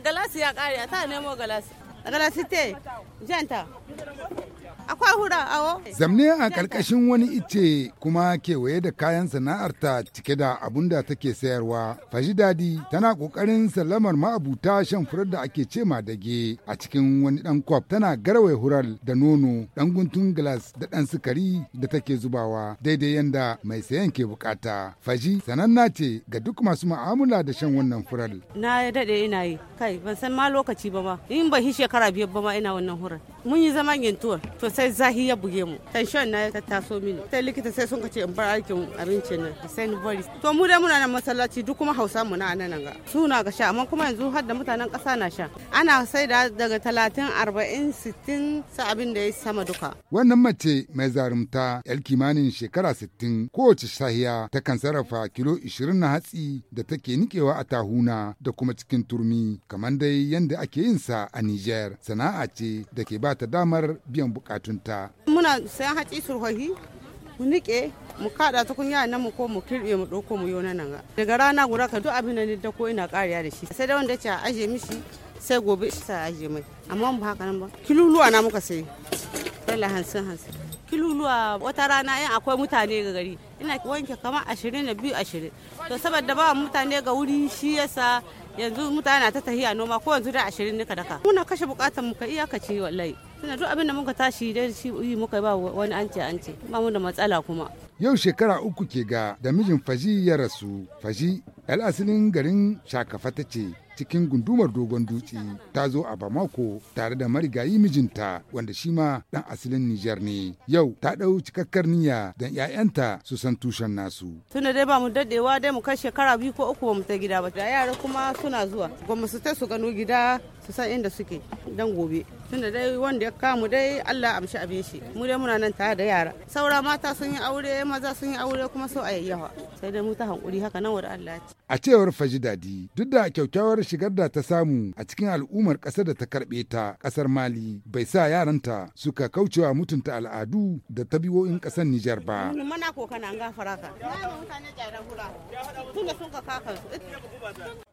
galasi ya kare ta nemo galasi galasi te janta akwai hura awo. Zamne a karkashin wani ice kuma kewaye da kayan sana'arta cike da abun da take sayarwa. faji Fajidadi tana ƙoƙarin sallamar ma'abuta shan furar da ake ce dage a cikin wani dan kwaf tana garwaye hural da nono dan guntun glass da ɗan sukari da take zubawa daidai yanda mai sayan ke bukata. Faji sananna ce ga duk masu ma'amala da shan wannan furar. Na daɗe ina yi kai ban san ma lokaci ba ma in ban shekara biyar ba ma ina wannan hurar. mun yi zaman gintuwa to sai zahi ya buge mu tension na ta taso mini sai likita sai sun kace in bar aikin abincin nan sai ni to mu dai muna nan masallaci duk kuma hausa mu na nan ga suna ga sha amma kuma yanzu har da mutanen ƙasa na sha ana sai da daga 30 40 60 sa abin da ya sama duka wannan mace mai zarumta yar kimanin shekara 60 kowace sahiya ta kan sarrafa kilo 20 na hatsi da take nikewa a tahuna da kuma cikin turmi kamar dai yanda ake yin sa a Niger sana'a ce da ke ba ta damar biyan bukatunta. Muna sayan hatsi surhohi mu nike mu kada tukunya nan mu ko mu kirbe mu ɗauko mu yona nan daga rana guda ka duk abin da ni da ko ina kariya da shi sai da wanda ce aje mishi sai gobe shi ta aje mai amma mu haka nan ba kiluluwa na muka sai dala hansin hansin kiluluwa wata rana in akwai mutane ga gari ina wanke kama ashirin da biyu ashirin to saboda ba mutane ga wuri shi yasa yanzu mutane na ta tahiya noma ko yanzu da ashirin nika daka muna kashe bukatar mu ka iyakaci wallahi Tana duk abin da muka tashi da shi muka ba wani ance ance ba mu da matsala kuma. Yau shekara uku ke ga da mijin Faji ya rasu. Faji yal asalin garin Shakafa ta ce cikin gundumar dogon dutse ta zo a Bamako tare da marigayi mijinta wanda shi ma dan asalin Nijar ne. Yau ta ɗau cikakkar niyya don 'ya'yanta su san tushen nasu. Tuna dai ba mu daɗewa dai mu kai shekara biyu ko uku ba mu ta gida ba. Da yara kuma suna zuwa. Gwamnati su ta su gano gida su san inda suke. dan gobe tunda dai wanda ya kamu dai Allah amshi abin shi mu dai muna nan tare da yara saura mata sun yi aure maza sun yi aure kuma so ayyawa sai dai mu ta hankuri haka nan wada Allah ce. a cewar faji dadi duk da kyakkyawar shigar da ta samu a cikin al'ummar ƙasar da ta karɓe ta ƙasar Mali bai sa yaranta suka kaucewa mutunta al'adu da tabiwoyin kasar Nijar ba muna kokana an gafara ka tunda sun ka kaka